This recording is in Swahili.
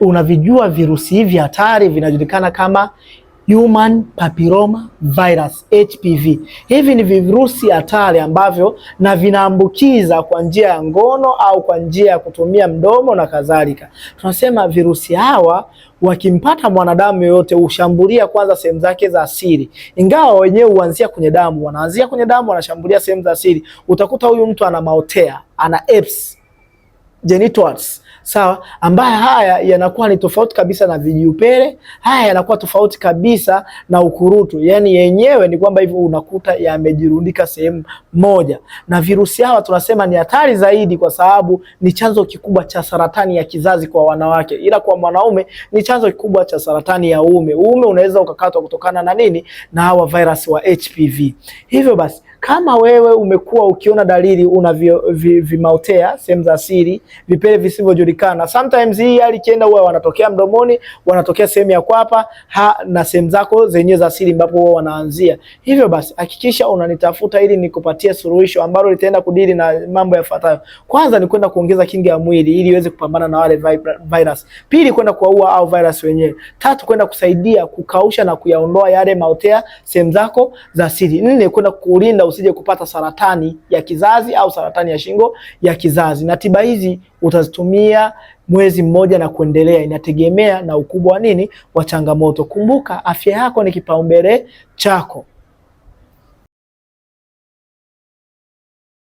unavijua virusi hivi hatari vinajulikana kama Human Papilloma Virus HPV. Hivi ni virusi hatari ambavyo na vinaambukiza kwa njia ya ngono au kwa njia ya kutumia mdomo na kadhalika. Tunasema virusi hawa wakimpata mwanadamu yoyote hushambulia kwanza sehemu zake za asili, ingawa wenyewe huanzia kwenye damu, wanaanzia kwenye damu, wanashambulia sehemu za asili. Utakuta huyu mtu ana maotea, ana herpes genitals sawa, ambaye haya yanakuwa ni tofauti kabisa na vijiupele. Haya yanakuwa tofauti kabisa na ukurutu, yaani yenyewe ni kwamba hivyo unakuta yamejirundika sehemu moja, na virusi hawa tunasema ni hatari zaidi, kwa sababu ni chanzo kikubwa cha saratani ya kizazi kwa wanawake, ila kwa mwanaume ni chanzo kikubwa cha saratani ya uume. Uume unaweza ukakatwa kutokana na nini? Na hawa virus wa HPV. Hivyo basi kama wewe umekuwa ukiona dalili una vimautea vi, vi sehemu za siri, vipele visivyojulikana, sometimes hii hali ikienda huwa wanatokea mdomoni, wanatokea sehemu ya kwapa ha, na sehemu zako zenyewe za siri ambapo huwa wanaanzia. Hivyo basi hakikisha unanitafuta ili nikupatie suluhisho ambalo litaenda kudili na mambo yafuatayo. Kwanza ni kwenda kuongeza kinga ya mwili ili iweze kupambana na wale virus. Pili, kwenda kuua au virus wenyewe. Tatu, kwenda kusaidia kukausha na kuyaondoa yale mautea sehemu zako za siri. Nne, kwenda kulinda usije kupata saratani ya kizazi au saratani ya shingo ya kizazi. Na tiba hizi utazitumia mwezi mmoja na kuendelea, inategemea na ukubwa wa nini wa changamoto. Kumbuka, afya yako ni kipaumbele chako.